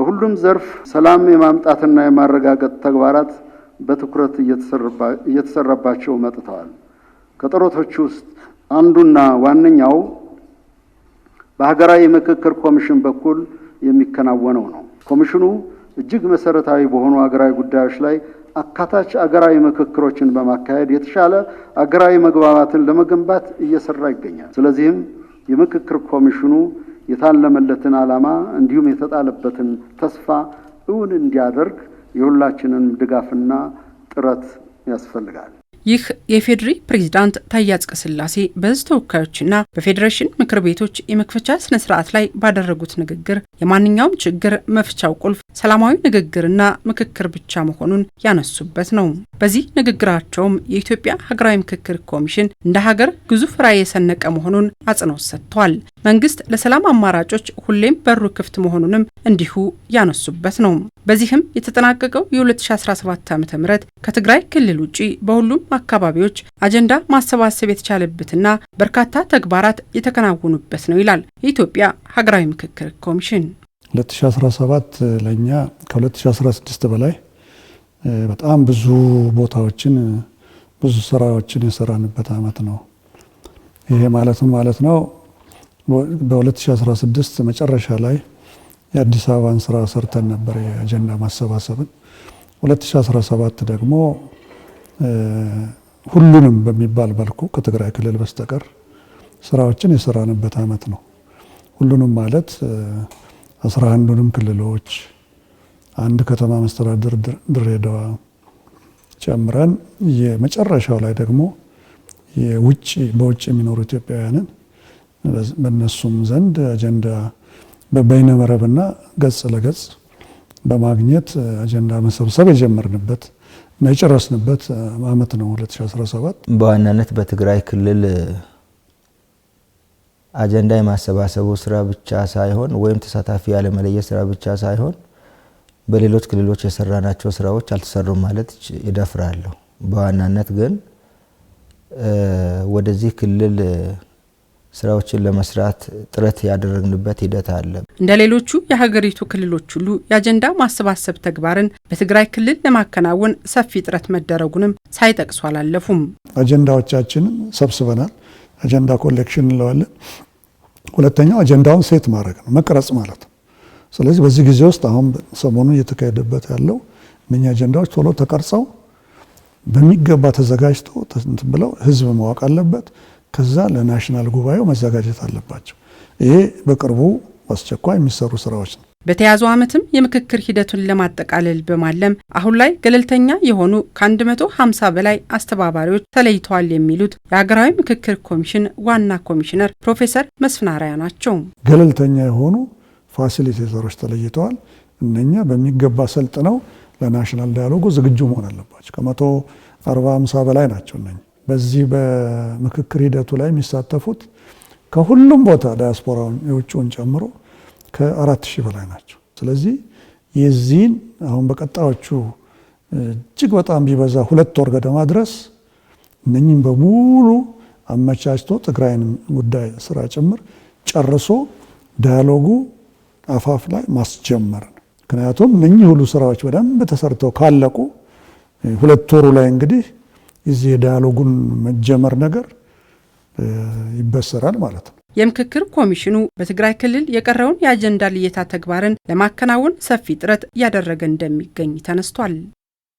በሁሉም ዘርፍ ሰላም የማምጣትና የማረጋገጥ ተግባራት በትኩረት እየተሰራባቸው መጥተዋል። ከጥረቶች ውስጥ አንዱና ዋነኛው በሀገራዊ ምክክር ኮሚሽን በኩል የሚከናወነው ነው። ኮሚሽኑ እጅግ መሰረታዊ በሆኑ አገራዊ ጉዳዮች ላይ አካታች አገራዊ ምክክሮችን በማካሄድ የተሻለ አገራዊ መግባባትን ለመገንባት እየሰራ ይገኛል። ስለዚህም የምክክር ኮሚሽኑ የታለመለትን ዓላማ እንዲሁም የተጣለበትን ተስፋ እውን እንዲያደርግ የሁላችንን ድጋፍና ጥረት ያስፈልጋል። ይህ የፌዴሪ ፕሬዚዳንት ታዬ አጽቀሥላሴ በሕዝብ ተወካዮችና በፌዴሬሽን ምክር ቤቶች የመክፈቻ ስነ ስርዓት ላይ ባደረጉት ንግግር የማንኛውም ችግር መፍቻው ቁልፍ ሰላማዊ ንግግርና ምክክር ብቻ መሆኑን ያነሱበት ነው። በዚህ ንግግራቸውም የኢትዮጵያ ሀገራዊ ምክክር ኮሚሽን እንደ ሀገር ግዙፍ ራዕይ የሰነቀ መሆኑን አጽንኦት ሰጥቷል። መንግስት ለሰላም አማራጮች ሁሌም በሩ ክፍት መሆኑንም እንዲሁ ያነሱበት ነው። በዚህም የተጠናቀቀው የ2017 ዓ ም ከትግራይ ክልል ውጪ በሁሉም አካባቢዎች አጀንዳ ማሰባሰብ የተቻለበትና በርካታ ተግባራት የተከናወኑበት ነው ይላል የኢትዮጵያ ሀገራዊ ምክክር ኮሚሽን። 2017 ለእኛ ከ2016 በላይ በጣም ብዙ ቦታዎችን ብዙ ስራዎችን የሰራንበት ዓመት ነው። ይሄ ማለትም ማለት ነው በ2016 መጨረሻ ላይ የአዲስ አበባን ስራ ሰርተን ነበር የአጀንዳ ማሰባሰብን። 2017 ደግሞ ሁሉንም በሚባል መልኩ ከትግራይ ክልል በስተቀር ስራዎችን የሰራንበት ዓመት ነው። ሁሉንም ማለት አስራ አንዱንም ክልሎች አንድ ከተማ መስተዳድር ድሬዳዋ ጨምረን የመጨረሻው ላይ ደግሞ የውጭ በውጭ የሚኖሩ ኢትዮጵያውያንን በእነሱም ዘንድ አጀንዳ በይነመረብና ገጽ ለገጽ በማግኘት አጀንዳ መሰብሰብ የጀመርንበት እና የጨረስንበት አመት ነው 2017። በዋናነት በትግራይ ክልል አጀንዳ የማሰባሰቡ ስራ ብቻ ሳይሆን ወይም ተሳታፊ ያለመለየት ስራ ብቻ ሳይሆን በሌሎች ክልሎች የሰራናቸው ስራዎች አልተሰሩም ማለት ይደፍራለሁ በዋናነት ግን ወደዚህ ክልል ስራዎችን ለመስራት ጥረት ያደረግንበት ሂደት አለ። እንደ ሌሎቹ የሀገሪቱ ክልሎች ሁሉ የአጀንዳ ማሰባሰብ ተግባርን በትግራይ ክልል ለማከናወን ሰፊ ጥረት መደረጉንም ሳይጠቅሱ አላለፉም። አጀንዳዎቻችንን ሰብስበናል። አጀንዳ ኮሌክሽን እንለዋለን። ሁለተኛው አጀንዳውን ሴት ማድረግ ነው፣ መቅረጽ ማለት ነው። ስለዚህ በዚህ ጊዜ ውስጥ አሁን ሰሞኑ እየተካሄደበት ያለው እነኛ አጀንዳዎች ቶሎ ተቀርጸው በሚገባ ተዘጋጅቶ ብለው ህዝብ ማወቅ አለበት። ከዛ ለናሽናል ጉባኤው መዘጋጀት አለባቸው። ይሄ በቅርቡ አስቸኳይ የሚሰሩ ስራዎች ነው። በተያዘው ዓመትም የምክክር ሂደቱን ለማጠቃለል በማለም አሁን ላይ ገለልተኛ የሆኑ ከ150 በላይ አስተባባሪዎች ተለይተዋል የሚሉት የሀገራዊ ምክክር ኮሚሽን ዋና ኮሚሽነር ፕሮፌሰር መስፍን አርአያ ናቸው። ገለልተኛ የሆኑ ፋሲሊቴተሮች ተለይተዋል። እነኛ በሚገባ ሰልጥነው ለናሽናል ዳያሎጉ ዝግጁ መሆን አለባቸው። ከ 40 50 በላይ ናቸው እነኛ በዚህ በምክክር ሂደቱ ላይ የሚሳተፉት ከሁሉም ቦታ ዳያስፖራውን የውጭውን ጨምሮ ከአራት ሺህ በላይ ናቸው። ስለዚህ የዚህን አሁን በቀጣዮቹ እጅግ በጣም ቢበዛ ሁለት ወር ገደማ ድረስ እነኝም በሙሉ አመቻችቶ ትግራይን ጉዳይ ስራ ጭምር ጨርሶ ዳያሎጉ አፋፍ ላይ ማስጀመር ነው። ምክንያቱም እነኚህ ሁሉ ስራዎች በደንብ ተሰርተው ካለቁ ሁለት ወሩ ላይ እንግዲህ እዚህ የዳያሎጉን መጀመር ነገር ይበሰራል ማለት ነው። የምክክር ኮሚሽኑ በትግራይ ክልል የቀረውን የአጀንዳ ልየታ ተግባርን ለማከናወን ሰፊ ጥረት እያደረገ እንደሚገኝ ተነስቷል።